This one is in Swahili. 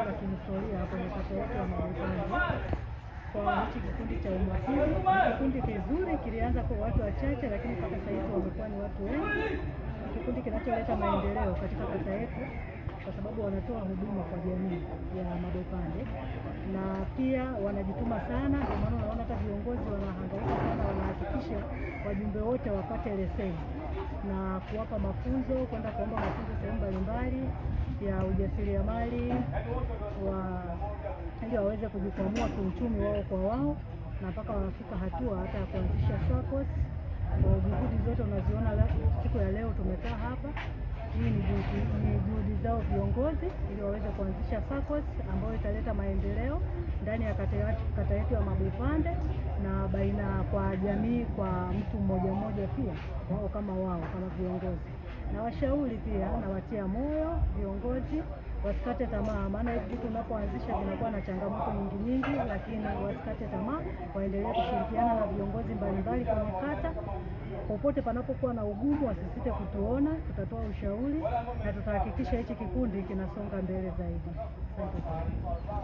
hatua za kihistoria kwa mipaka yote ya Marekani kwa hichi kikundi cha umafiri. Kikundi kizuri kilianza kwa watu wachache, lakini mpaka sasa hivi wamekuwa ni watu wengi. Kikundi kinacholeta maendeleo katika kata yetu kwa sababu wanatoa huduma kwa jamii ya Mabopande na pia wanajituma sana, ndio maana unaona hata viongozi wana wajumbe wote wapate leseni na kuwapa mafunzo, kwenda kuomba mafunzo sehemu mbalimbali ya ujasiriamali wa ili waweze kujikwamua kiuchumi wao kwa wao, na mpaka wanafika hatua hata ya kuanzisha SACCOS. Juhudi zote unaziona siku ya leo tumekaa hapa, hii ni juhudi zao viongozi, ili waweze kuanzisha SACCOS ambayo italeta maendeleo ndani ya kata yetu ya Mabupande na baina kwa jamii, kwa mtu mmoja mmoja, pia wao kama wao kama viongozi, na washauri pia na watia moyo viongozi wasikate tamaa, maana hivi vitu unapoanzisha vinakuwa na changamoto nyingi nyingi, lakini wasikate tamaa, waendelee kushirikiana na viongozi mbalimbali kwenye kata. Popote panapokuwa na ugumu, wasisite kutuona, tutatoa ushauri na tutahakikisha hichi kikundi kinasonga mbele zaidi. Asante sana.